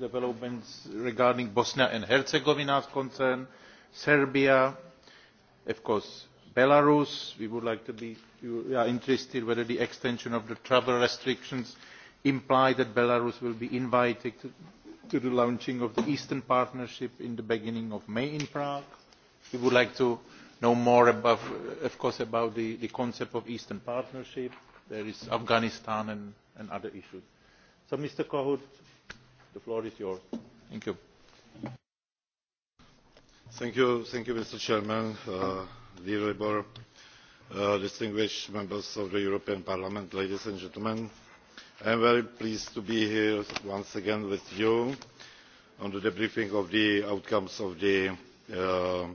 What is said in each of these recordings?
developments regarding bosnia and herzegovina is concerned serbia of course belarus we would like to be we are interested whether the extension of the travel restrictions imply that belarus will be invited to, to the launching of the eastern partnership in the beginning of may in prague. we would like to know more about, of course about the, the concept of eastern partnership there is afghanistan and, and other issues. so mr kohut the floor is yours. thank you. Thank you, thank you mr president uh, dear labour uh, distinguished members of the european parliament ladies and gentlemen i am very pleased to be here once again with you on the debriefing of the outcomes of the uh,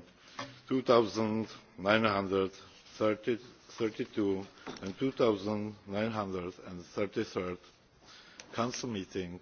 two thousand nine hundred and thirty two and two thousand nine hundred and thirty three council meetings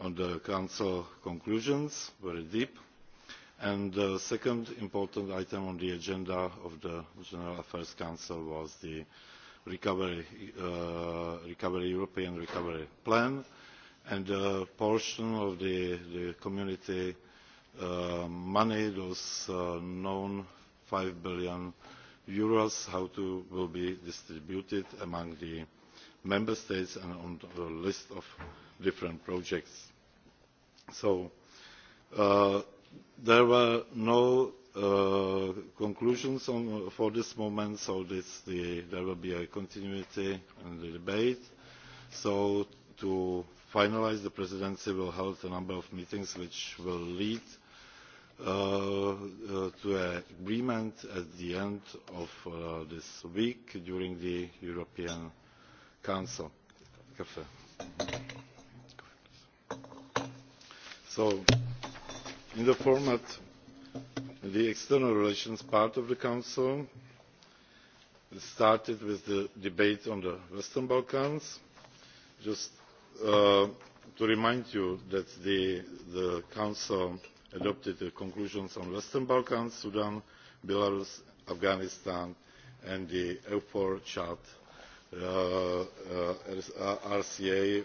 on the council conclusions very deep and the second important item on the agenda of the general affairs council was the recovery, uh, recovery european recovery plan and a portion of the, the community uh, money those uh, known eur five billion Euros, how to will be distributed among the member states and on the list of different projects so uh, there were no uh, conclusions on, for this moment so this, the, there will be a continuity in the debate so to finalise the presidency will hold a number of meetings which will lead uh, uh, to an agreement at the end of uh, this week during the European Council. Café so in the format the external relations part of the council started with the debate on the western balkans. just uh, to remind you that the, the council adopted the conclusions on the western balkans sudan belarus afghanistan and the eufor chad uh, uh, rca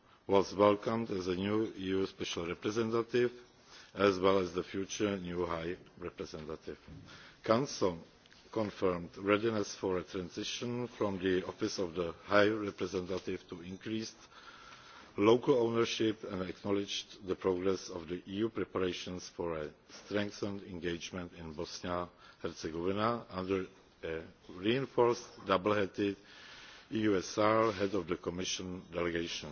was welcomed as a new eu special representative as well as the future new high representative. the council confirmed readiness for a transition from the office of the high representative to increased local ownership and acknowledged the progress of the eu preparations for a strengthened engagement in bosnia and herzegovina under a reinforced double headed eusr head of the commission delegation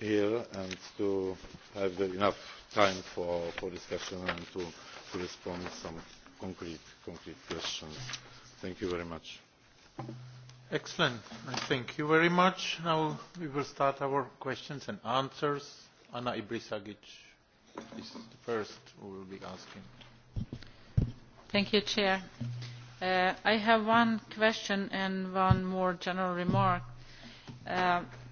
here and to have enough time for, for discussion and to, to respond to some concrete, concrete questions. Thank you very much. Excellent. And thank you very much. Now we will start our questions and answers. Anna Ibrisagic is the first who will be asking. Thank you, Chair. Uh, I have one question and one more general remark. Uh,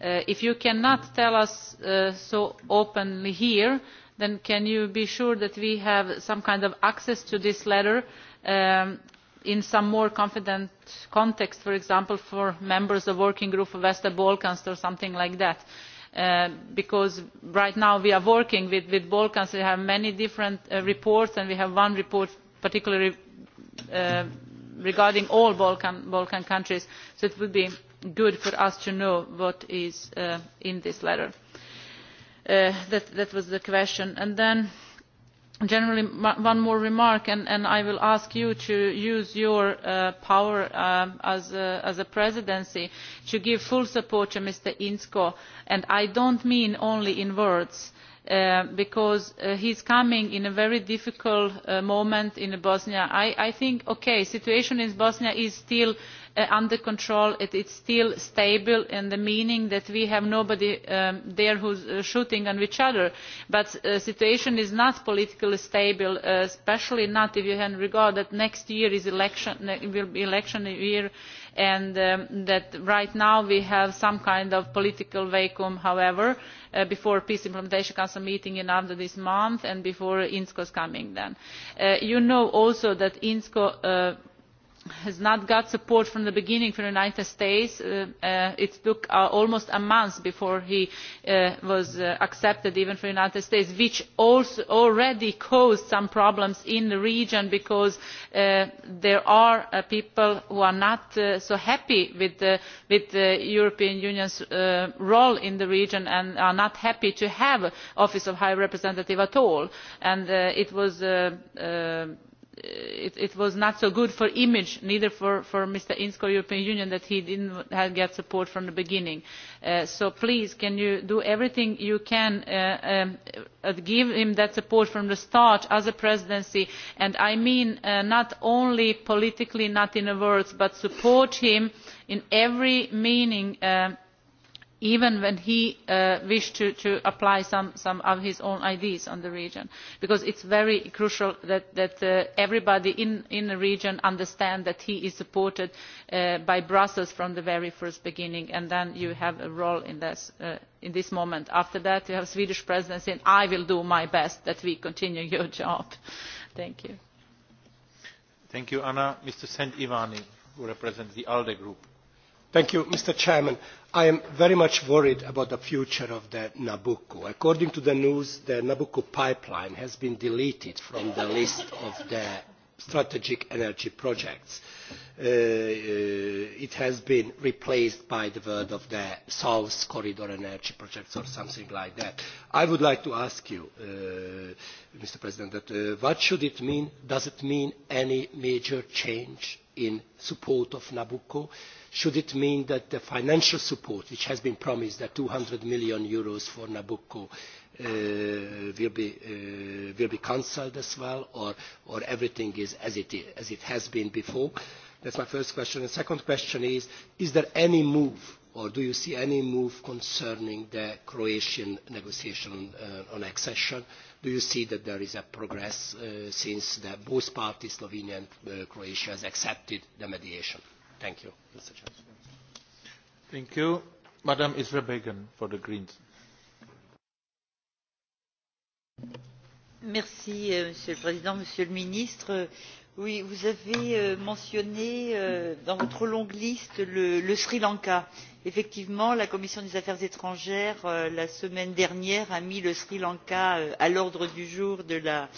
Uh, if you cannot tell us uh, so openly here then can you be sure that we have some kind of access to this letter um, in some more confident context for example for members of the working group for western balkans or something like that uh, because right now we are working with the balkans we have many different uh, reports and we have one report particularly uh, regarding all balkan, balkan countries so it would be good for us to know what is uh, in this letter. Uh, that, that was the question. And then generally one more remark and, and i will ask you to use your uh, power um, as, a, as a presidency to give full support to mr inzko and i do not mean only in words uh, because uh, he is coming in a very difficult uh, moment in bosnia. i, I think okay, the situation in bosnia is still Uh, under control it is still stable in the meaning that we have nobody um, there who is uh, shooting at each other but the uh, situation is not politically stable especially not if you regard that next year is election will be election year and um, that right now we have some kind of political vacuum however uh, before the peace implementation council meeting in after this month and before inzko is coming then. Uh, you know also that inzko uh, has not got support from the beginning from the united states uh, uh, it took uh, almost a month before he uh, was uh, accepted even for the united states which already caused some problems in the region because uh, there are people who are not so happy with the, with the european union's role in the region and are not happy to have the office of high representative at all and it was it, it was not so good for image neither for, for mr ince or european union that he did not get support from the beginning. Uh, so please can you do everything you can uh, um, uh, give him that support from the start as a presidency and i mean uh, not only politically not in words but support him in every meaning um, even when he uh, wished to, to apply some, some of his own ideas on the region because it is very crucial that, that uh, everybody in, in the region understands that he is supported uh, by brussels from the very first beginning and then you have a role in this, uh, in this moment. after that you have the swedish presidency and i will do my best that we continue your job. thank you. thank you anna. mr st ivani who represents the alde group. You, mr president i am very much worried about the future of nabucco. according to the news the nabucco pipeline has been deleted from the list of the strategic energy projects. Uh, uh, it has been replaced by the word of the south corridor energy projects or something like that. i would like to ask you uh, mr president that, uh, what should it mean? does it mean any major change in support of nabucco? should it mean that the financial support which has been promised that eur two hundred million Euros for nabucco uh, will be, uh, be cancelled as well or, or everything is as it, is, as it has been before? that is my first question. the second question is is there any move or do you see any move concerning the croatian negotiation uh, on accession? do you see that there is a progress uh, since both parties slovenia and uh, croatia have accepted the mediation? Thank you, Mr. Chair. Thank you. Madam Isra Began for the Greens. Merci, euh, Monsieur le Président, Monsieur le Ministre. Oui, vous avez euh, mentionné euh, dans votre longue liste le, le Sri Lanka. Effectivement, la Commission des affaires étrangères, la semaine dernière, a mis le Sri Lanka à l'ordre du jour de la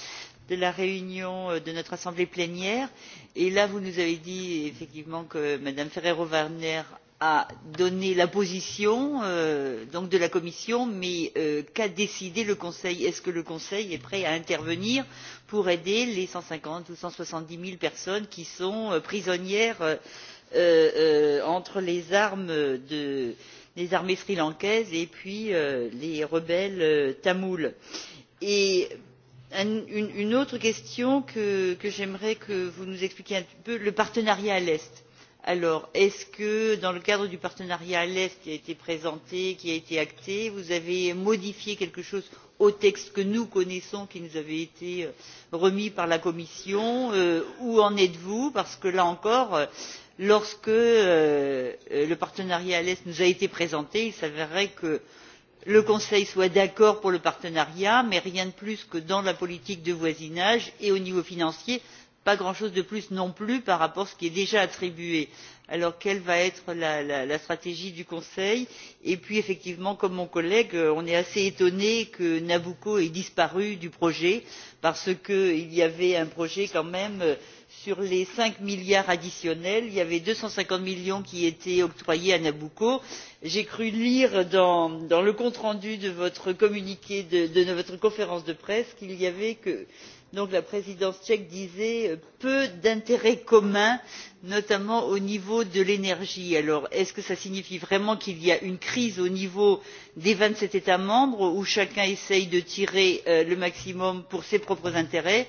de la réunion euh, de notre assemblée plénière et là vous nous avez dit effectivement que mme ferrero waldner a donné la position euh, donc de la commission mais euh, qu'a décidé le conseil? est ce que le conseil est prêt à intervenir pour aider les cent cinquante ou cent soixante dix zéro personnes qui sont euh, prisonnières euh, euh, entre les armes de, des armées sri lankaises et puis les rebelles tamouls? et Un, une, une autre question que, que j'aimerais que vous nous expliquiez un petit peu le partenariat à l'est alors est ce que dans le cadre du partenariat à l'est qui a été présenté qui a été acté vous avez modifié quelque chose au texte que nous connaissons qui nous avait été euh, remis par la commission euh, où en êtes vous parce que là encore euh, lorsque euh, le partenariat à l'est nous a été présenté il s'avérait que euh, le conseil soit d'accord pour le partenariat mais rien de plus que dans la politique de voisinage et au niveau financier pas grand chose de plus non plus par rapport à ce qui est déjà attribué. alors quelle va être la, la, la stratégie du conseil? et puis effectivement comme mon collègue euh, on est assez étonné que nabucco ait disparu du projet parce qu'il y avait un projet quand même euh, sur les cinq milliards additionnels il y avait deux cent cinquante millions qui étaient octroyés à nabucco. j'ai cru lire dans, dans le compte rendu de votre communiqué de, de votre conférence de presse qu'il y avait que donc, la présidence tchèque disait euh, peu d'intérêts communs notamment au niveau de l'énergie. alors est ce que cela signifie vraiment qu'il y a une crise au niveau des vingt sept états membres où chacun essaie de tirer euh, le maximum pour ses propres intérêts?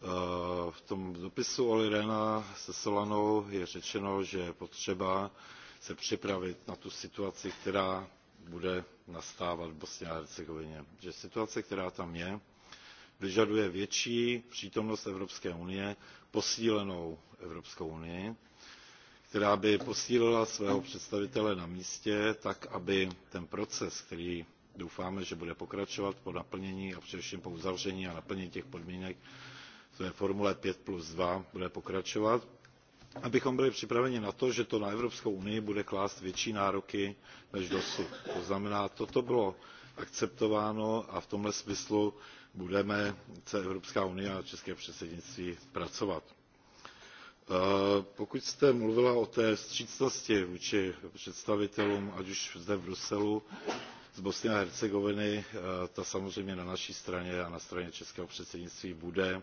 Eh, v tom dopisu olli rehna se solanou je řečeno že je potřeba se připravit na tu situaci která bude nastávat v bosně a hercegovině že situace která tam je vyžaduje větší přítomnost evropské unie posílenou evropskou unii která by posílila svého představitele na místě tak aby ten proces který doufáme že bude pokračovat po naplnění a především po uzavření a naplnění těch podmínek ve formule five plus two bude pokračovat abychom byli připraveni na to že to na evropskou unii bude klást větší nároky než dosud. to znamená toto bylo akceptováno a v tomto smyslu budeme chce evropská unie a české předsednictví pracovat. Eh, pokud jste mluvila o té vstřícnosti vůči představitelům ať už zde v bruselu z bosny a hercegoviny eh, ta samozřejmě na naší straně a na straně českého předsednictví bude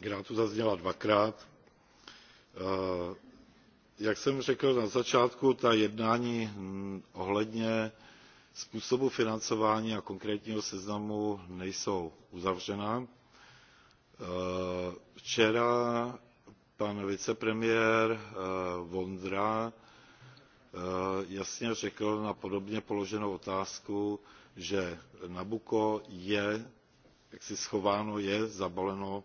která tu zazněla dvakrát. Eh, jak jsem řekl na začátku, ta jednání hm, ohledně způsobu financování a konkrétního seznamu nejsou uzavřena. Eh, včera pan vicepremiér eh, Vondra jasně řekl na podobně položenou otázku, že Nabuko je jaksi schováno, je zabaleno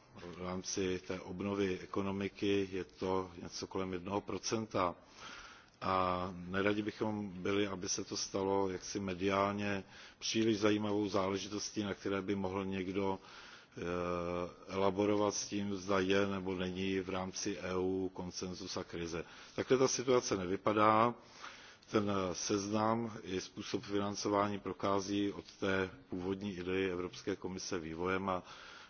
v rámci té obnovy ekonomiky je to něco kolem jednoho procenta a neradi bychom byli aby se to stalo jaksi mediálně příliš zajímavou záležitostí na které by mohl někdo e, elaborovat s tím zda je nebo není v rámci eu konsenzus a krize. takhle ta situace nevypadá ten seznam i způsob financování prochází od té původní idei evropské komise vývojem a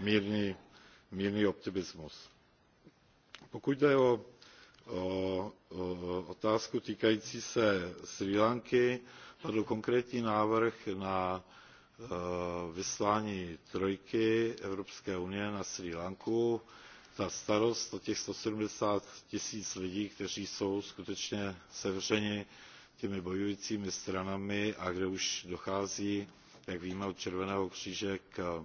mírný, mírný optimismus. Pokud jde o, o, o otázku týkající se Sri Lanky, padl konkrétní návrh na e, vyslání trojky Evropské unie na Sri Lanku. Ta starost o těch 170 tisíc lidí, kteří jsou skutečně sevřeni těmi bojujícími stranami a kde už dochází, jak víme, od Červeného kříže k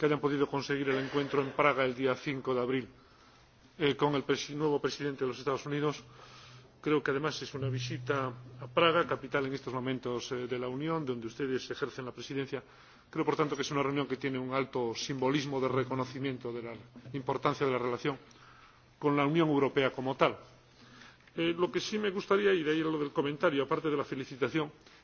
que hayan podido conseguir el encuentro en praga el día cinco de abril eh, con el pres nuevo presidente de los estados unidos. creo que además es una visita a praga capital en estos momentos eh, de la unión donde ustedes ejercen la presidencia. creo por tanto que es una reunión que tiene un alto simbolismo de reconocimiento de la importancia de la relación con la unión europea como tal. Eh, lo que sí me gustaría y de ahí lo del comentario aparte de la felicitación es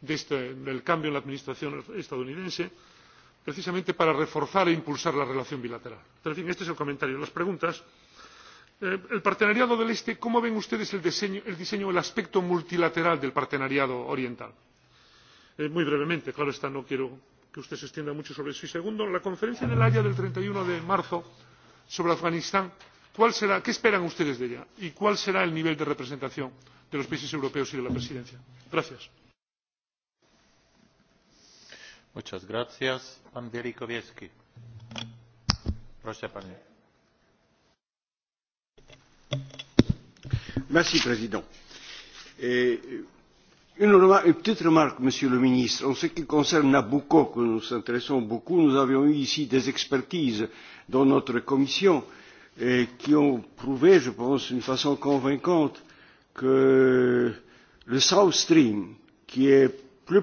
de este, del cambio en la administración estadounidense precisamente para reforzar e impulsar la relación bilateral. Pero, en fin, este es el comentario. Las preguntas. Eh, el partenariado del Este, ¿cómo ven ustedes el diseño, el diseño, el aspecto multilateral del partenariado oriental? Eh, muy brevemente, claro está, no quiero que usted se extienda mucho sobre eso. Y segundo, la conferencia en el Haya del 31 de marzo sobre Afganistán, ¿cuál será, ¿qué esperan ustedes de ella? ¿Y cuál será el nivel de representación de los países europeos y de la presidencia? Gracias monsieur le président euh, une petite remarque monsieur le ministre en ce qui concerne nabucco à laquelle nous nous intéressons beaucoup nous avons eu ici des expertises dans notre commission euh, qui ont prouvé je pense d'une façon convaincante que le south stream qui est plus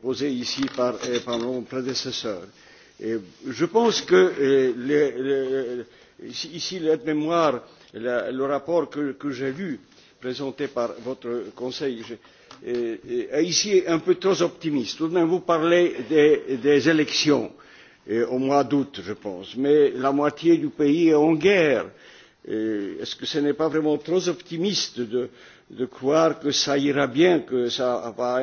posée ici par, euh, par mon prédécesseur. Et je pense que eh, le, le, ici l'aide mémoire la, le rapport que, que j'ai lu présenté par votre conseil je, eh, eh, ici est un peu trop optimiste. tout de même vous parlez des, des élections euh, au mois d'août je pense mais la moitié du pays est en guerre. Euh, est ce que ce n'est pas vraiment trop optimiste de, de croire que ça ira bien que ça va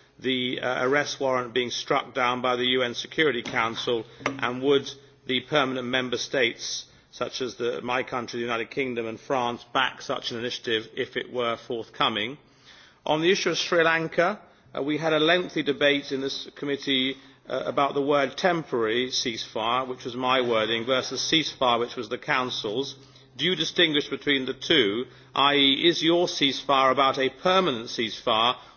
the uh, arrest warrant being struck down by the un security council and would the permanent member states such as the, my country the united kingdom and france back such an initiative if it were forthcoming? on the issue of sri lanka uh, we had a lengthy debate in this committee uh, about the word temporary ceasefire which was my wording versus ceasefire which was the council's do you distinguish between the two i. e. is your ceasefire about a permanent ceasefire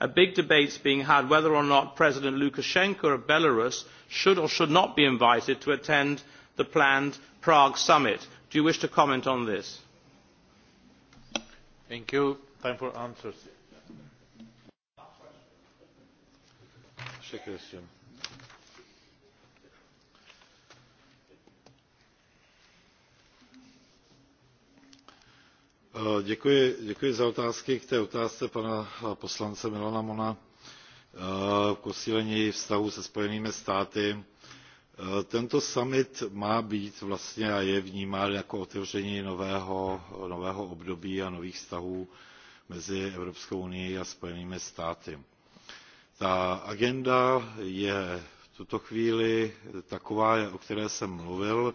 a big debate is being had whether or not president lukashenko of belarus should or should not be invited to attend the planned prague summit. do you wish to comment on this? Mr. Christian. Děkuji, děkuji za otázky. K té otázce pana eh, poslance Milana Mona k eh, posílení vztahu se Spojenými státy. Eh, tento summit má být vlastně a je vnímán jako otevření nového, nového období a nových vztahů mezi Evropskou unii a Spojenými státy. Ta agenda je v tuto chvíli taková, o které jsem mluvil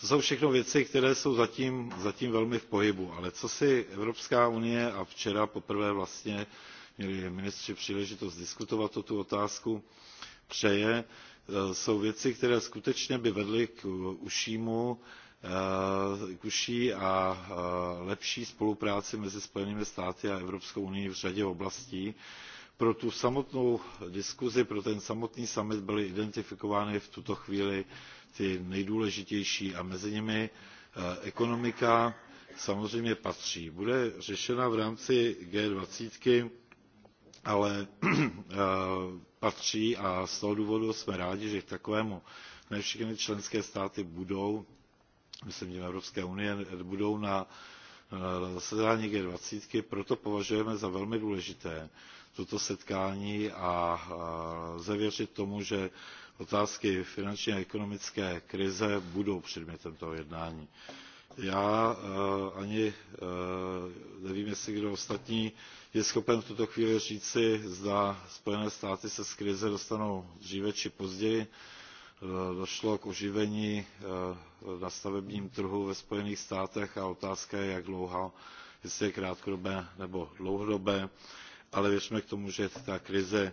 to jsou všechno věci které jsou zatím, zatím velmi v pohybu ale co si evropská unie a včera poprvé vlastně měli ministři příležitost diskutovat o tu otázku přeje eh, jsou věci které skutečně by vedly k užšímu eh, k užší a eh, lepší spolupráci mezi spojenými státy a evropskou unií v řadě oblastí. pro tu samotnou diskusi pro ten samotný summit byly identifikovány v tuto chvíli ty nejdůležitější a mezi nimi eh, ekonomika samozřejmě patří. bude řešena v rámci g twenty ale eh, patří a z toho důvodu jsme rádi že k takovému ne všechny členské státy budou myslím tím evropské unie budou na eh, zasedání g twenty proto považujeme za velmi důležité toto setkání a lze věřit tomu že otázky finanční a ekonomické krize budou předmětem toho jednání. já eh, ani eh, nevím jestli kdo ostatní je schopen v tuto chvíli říci zda spojené státy se z krize dostanou dříve či později. Eh, došlo k oživení na stavebním trhu ve spojených státech a otázka je jak dlouhá jestli je krátkodobé nebo dlouhodobé ale věřme tomu že ta krize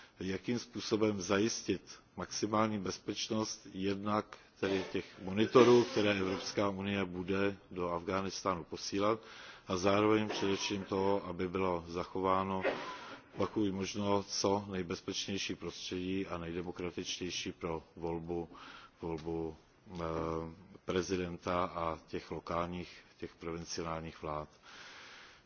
jakým způsobem zajistit maximální bezpečnost jednak tedy těch monitorů které evropská unie bude do afghánistánu posílat a zároveň především toho aby bylo zachováno opakuji možno co nejbezpečnější prostředí a nejdemokratičtější pro volbu, volbu eh, prezidenta a těch lokálních těch provinciálních vlád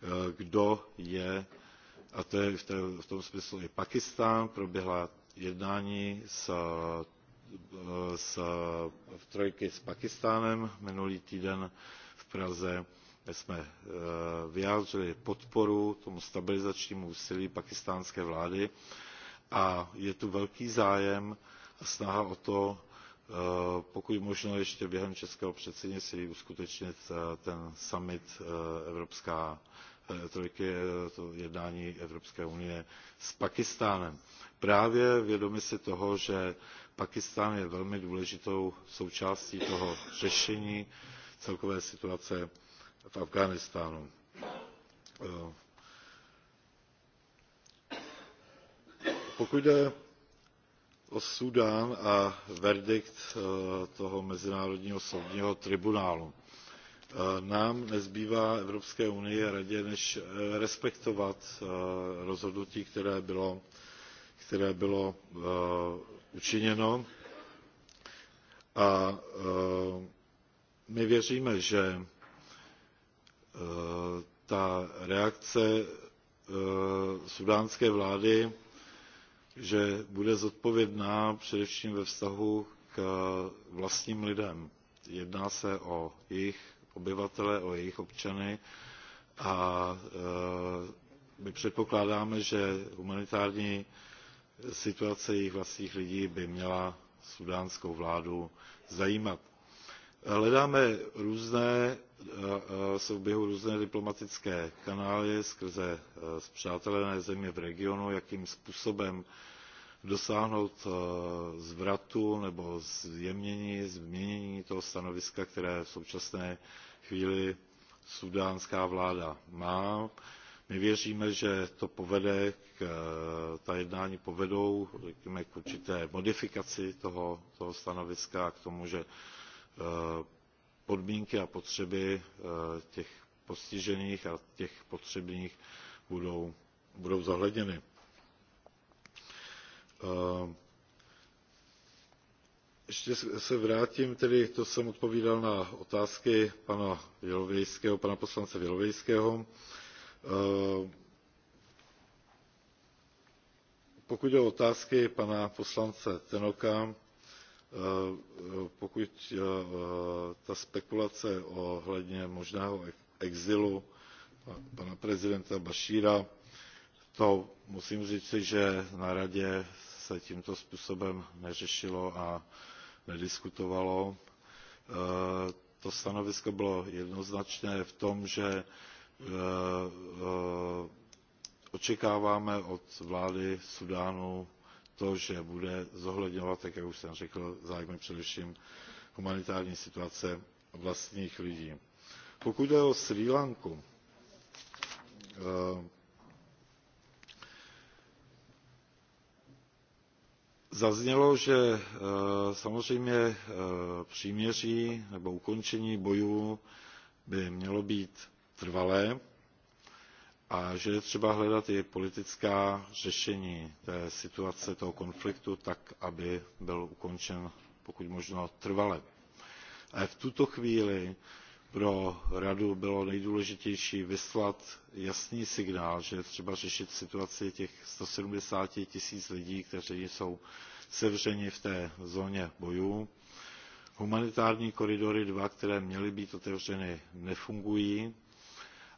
Eh, kdo je a to je v, té, v tom smyslu i Pakistán. Proběhla jednání s, eh, s, v trojky s Pakistánem minulý týden v Praze jsme eh, vyjádřili podporu tomu stabilizačnímu úsilí pakistánské vlády a je tu velký zájem a snaha o to Eh, pokud možno ještě během českého předsednictví uskutečnit eh, ten summit eh, Evropská trojky, to jednání Evropské unie s Pakistánem. Právě vědomi si toho, že Pakistán je velmi důležitou součástí toho řešení celkové situace v Afghánistánu. Pokud jde o súdán a verdikt eh, toho mezinárodního soudního tribunálu. Eh, nám nezbývá evropské unii a radě než eh, respektovat rozhodnutí které bylo, které bylo učiněno a my věříme že ta reakce súdánské vlády že bude zodpovědná především ve vztahu k vlastním lidem. Jedná se o jejich obyvatele, o jejich občany a e, my předpokládáme, že humanitární situace jejich vlastních lidí by měla sudánskou vládu zajímat. Hledáme různé jsou v běhu různé diplomatické kanály skrze spřátelené země v regionu jakým způsobem dosáhnout zvratu nebo zjemnění změnění toho stanoviska které v současné chvíli súdánská vláda má. my věříme že to povede k, ta jednání povedou řekněme k určité modifikaci toho, toho stanoviska a k tomu že podmínky a potřeby eh, těch postižených a těch potřebných budou, budou zohledněny. Eh, ještě se vrátím, tedy to jsem odpovídal na otázky pana, Vělovejského, pana poslance Vělovejského. Eh, pokud je otázky pana poslance Tenoka, Eh, pokud eh, ta spekulace ohledně možného exilu pana prezidenta Bašíra, to musím říci, že na radě se tímto způsobem neřešilo a nediskutovalo. Eh, to stanovisko bylo jednoznačné v tom, že očekáváme od vlády Sudánu to, že bude zohledňovat, tak jak už jsem řekl, zájmy především humanitární situace vlastních lidí. Pokud jde o Sri Lanku, eh, Zaznělo, že eh, samozřejmě eh, příměří nebo ukončení bojů by mělo být trvalé a že je třeba hledat i politická řešení té situace toho konfliktu tak aby byl ukončen pokud možno trvale. ale v tuto chvíli pro radu bylo nejdůležitější vyslat jasný signál že je třeba řešit situaci těch one hundred and seventy tisíc lidí kteří jsou sevřeni v té zóně bojů. humanitární koridory two které měly být otevřeny nefungují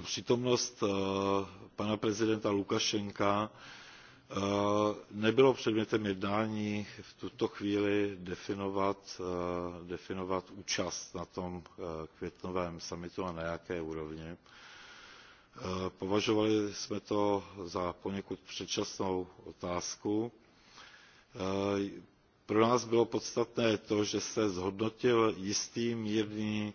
přítomnost eh, pana prezidenta lukašenka eh, nebylo předmětem jednání v tuto chvíli definovat, eh, definovat účast na tom květnovém summitu a na jaké úrovni. Považovali jsme to za poněkud předčasnou otázku. Pro nás bylo podstatné to, že se zhodnotil jistý mírný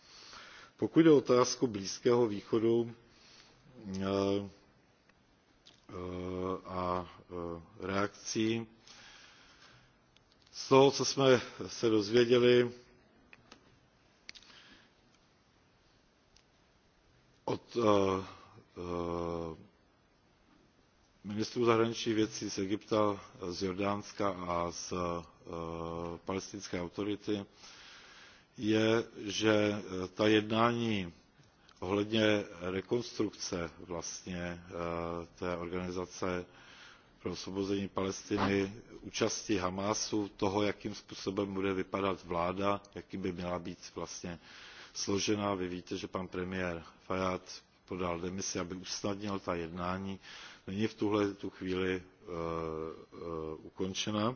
pokud jde o otázku blízkého východu eh, eh, a eh, reakcí z toho co jsme se dozvěděli od ministrů zahraničních věcí z egypta z jordánska a z palestinské autority je že e, ta jednání ohledně rekonstrukce vlastně e, té organizace pro osvobození palestiny účasti hamásu toho jakým způsobem bude vypadat vláda jak by měla být vlastně složena vy víte že pan premiér fajád podal demisi aby usnadnil ta jednání není v tuhle tu chvíli uh, uh, ukončena. Uh,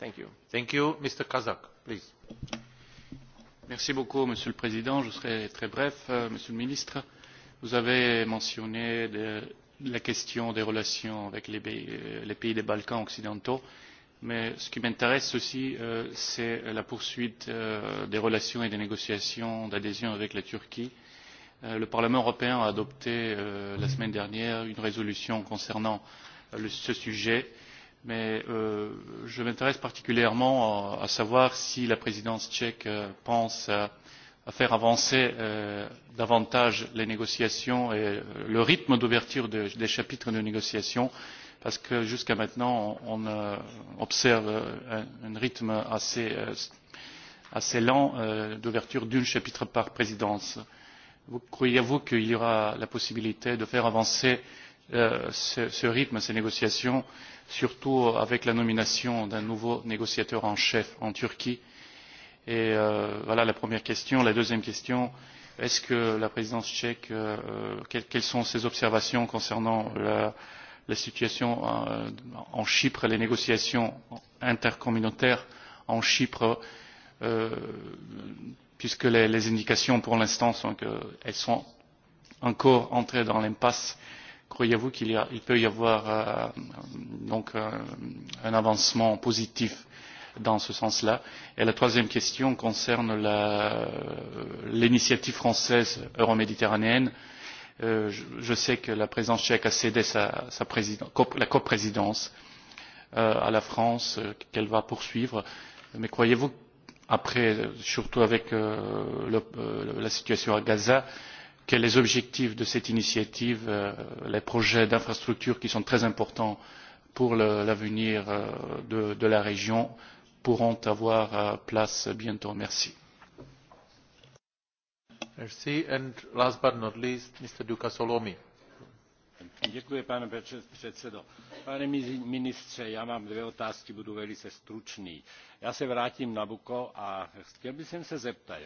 Thank you. Thank you. Mr. Kazak, please. Merci beaucoup, Monsieur le Président. Je serai très bref, euh, Monsieur le Ministre. Vous avez mentionné de, la question des relations avec les pays, euh, les pays des Balkans occidentaux, mais ce qui m'intéresse aussi, euh, c'est la poursuite euh, des relations et des négociations d'adhésion avec la Turquie. Euh, le Parlement européen a adopté euh, la semaine dernière une résolution concernant euh, le, ce sujet. Euh, mais euh, je m'intéresse particulièrement à, à savoir si la présidence tchèque euh, pense à, à faire avancer euh, davantage les négociations et euh, le rythme d'ouverture de, des chapitres de négociation parce que jusqu'à maintenant on, on euh, observe euh, un, un rythme assez, assez lent d'ouverture d'un chapitre par présidence. croyez vous qu'il y aura la possibilité de faire avancer ce, ce rythme ces négociations surtout avec la nomination d'un nouveau négociateur en chef en Turquie. Et euh, voilà la première question. La deuxième question, est-ce que la présidence tchèque, euh, que, quelles sont ses observations concernant la, la situation euh, en Chypre, les négociations intercommunautaires en Chypre, euh, puisque les, les indications pour l'instant sont qu'elles sont encore entrées dans l'impasse euh, croyez-vous qu'il peut y avoir euh, donc euh, un avancement positif dans ce sens-là Et la troisième question concerne euh, l'initiative française euroméditerranéenne. Euh, je, je sais que la présidence tchèque a cédé sa, sa cop, la coprésidence euh, à la France, euh, qu'elle va poursuivre. Mais croyez-vous, après, surtout avec euh, le, euh, la situation à Gaza, euh, que les objectifs de cette initiative euh, les projets d'infrastructures qui sont très importants pour l'avenir euh, de, de la région pourront avoir euh, place bientôt. merci. Merci. And last but not least, Mr. Duka Solomi. Děkuji, pane předsedo. Pane ministře, já mám dvě otázky, budu velice stručný. Já se vrátím na Buko a chtěl bych se zeptat,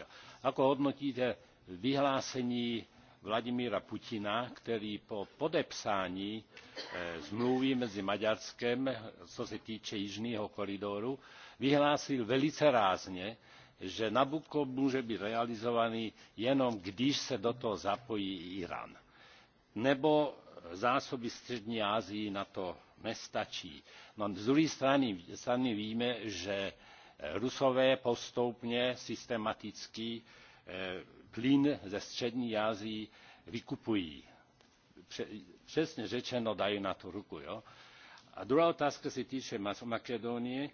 jako hodnotíte vyhlásení vladimíra putina který po podepsání smlouvy eh, mezi maďarskem co se týče jižního koridoru vyhlásil velice rázně že nabucco může být realizovaný jenom když se do toho zapojí írán nebo zásoby střední asii na to nestačí. no z druhé strany, strany víme že rusové postupně systematicky eh, plyn ze střední asii vykupují. přesně řečeno dají na to ruku. Jo? a druhá otázka se týče makedonie.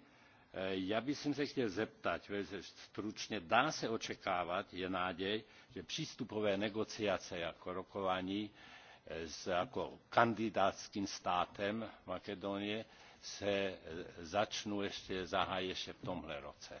Eh, já bych se chtěl zeptat velice stručně dá se očekávat je naděj že přístupové negociace jako rokování eh, s jako kandidátským státem makedonie se eh, začnou ještě zahájí ještě v tomhle roce.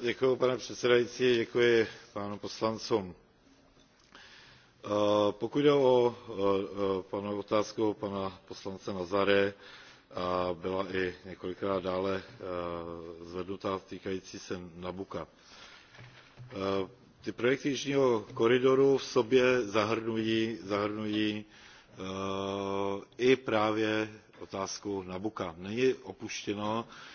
Děkuji, pane předsedající, děkuji pánu poslancům. Eh, pokud jde o eh, panu otázku pana poslance Nazare, a byla i několikrát dále eh, zvednutá týkající se Nabuka. Ty projekty Jižního koridoru v sobě zahrnují, zahrnují i právě otázku Nabuka. Není opuštěno,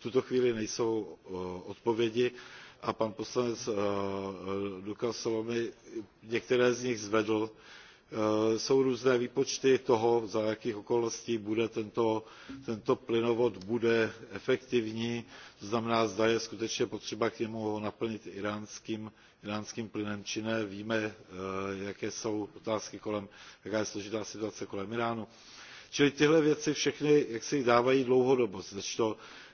v tuto chvíli nejsou eh, odpovědi a pan poslanec eh, eh, luca salomon některé z nich zvedl. jsou různé výpočty toho za jakých okolností bude tento, tento plynovod bude efektivní to znamená zda je skutečně potřeba k němu ho naplnit íránským, íránským plynem či ne. víme jaké jsou otázky kolem jaká je složitá situace kolem íránu. čili tyhle věci všechny jaksi dávají dlouhodobost kdežto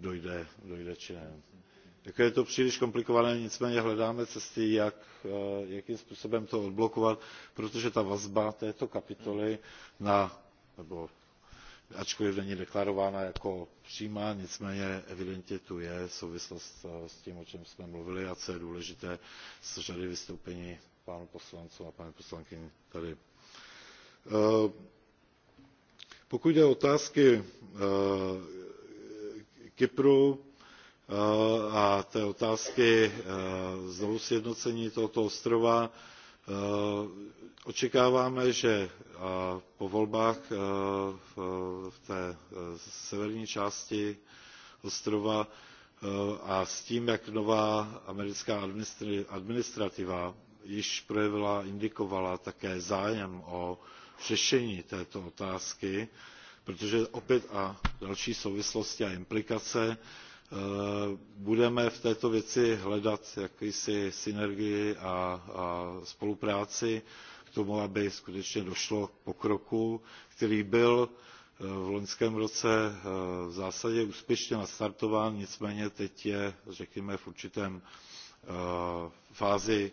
dojde, dojde činem. Jako je to příliš komplikované, nicméně hledáme cesty, jak, eh, jakým způsobem to odblokovat, protože ta vazba této kapitoly na, nebo ačkoliv není deklarována jako přímá, nicméně evidentně tu je souvislost eh, s tím, o čem jsme mluvili a co je důležité z řady vystoupení pánů poslanců a paní poslankyň tady. Eh, pokud jde o otázky kypru eh, a té otázky eh, znovusjednocení tohoto ostrova eh, očekáváme že po volbách v té severní části ostrova a s tím jak nová americká administrativa již projevila indikovala také zájem o řešení této otázky protože opět a další souvislosti a implikace eh, budeme v této věci hledat jakousi synergii a, a spolupráci k tomu aby skutečně došlo k pokroku který byl eh, v loňském roce eh, v zásadě úspěšně nastartován nicméně teď je řekněme v určité fázi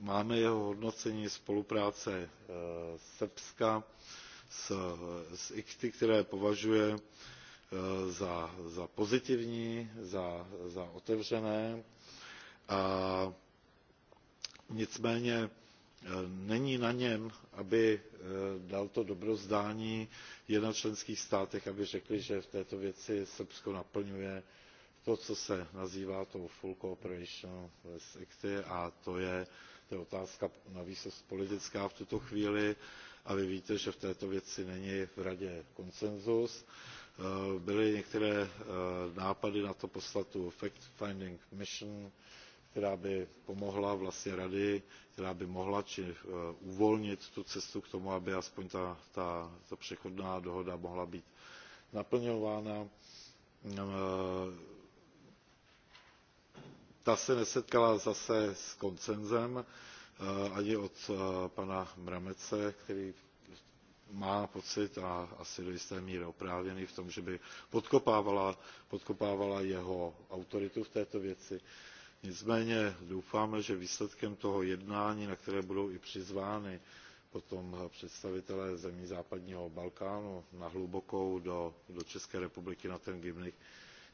máme jeho hodnocení spolupráce eh, srbska s, s icty které považuje eh, za, za pozitivní za, za otevřené a nicméně eh, není na něm aby dal to dobrozdání je na členských státech aby řekli že v této věci srbsko naplňuje to co se nazývá tou full cooperation with icty a to je to je otázka navýsost politická v tuto chvíli a vy víte že v této věci není v radě konsensus. Eh, byly některé eh, nápady na to poslat tu fact finding mission která by pomohla vlastně radě která by mohla či eh, uvolnit tu cestu k tomu aby aspoň ta, ta, ta přechodná dohoda mohla být naplňována ta se nesetkala zase s konsenzem eh, ani od eh, pana mramece který má pocit a asi do jisté míry oprávněný v tom že by podkopávala, podkopávala jeho autoritu v této věci. nicméně doufáme že výsledkem toho jednání na které budou i přizváni potom představitelé zemí západního balkánu na hlubokou do, do české republiky na ten gymnich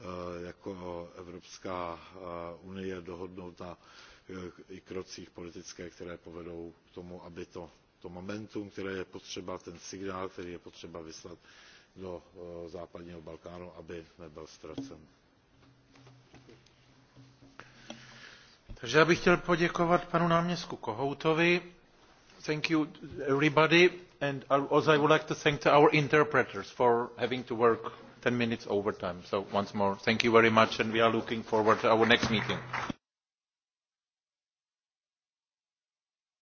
Eh, jako Evropská eh, unie dohodnout na eh, i krocích politické, které povedou k tomu, aby to, to momentum, které je potřeba, ten signál, který je potřeba vyslat do západního Balkánu, aby nebyl ztracen. Takže já bych chtěl poděkovat panu náměstku Kohoutovi. Thank you everybody and also I would like to thank to our interpreters for having to work ten minutes overtime so once more thank you very much and we are looking forward to our next meeting.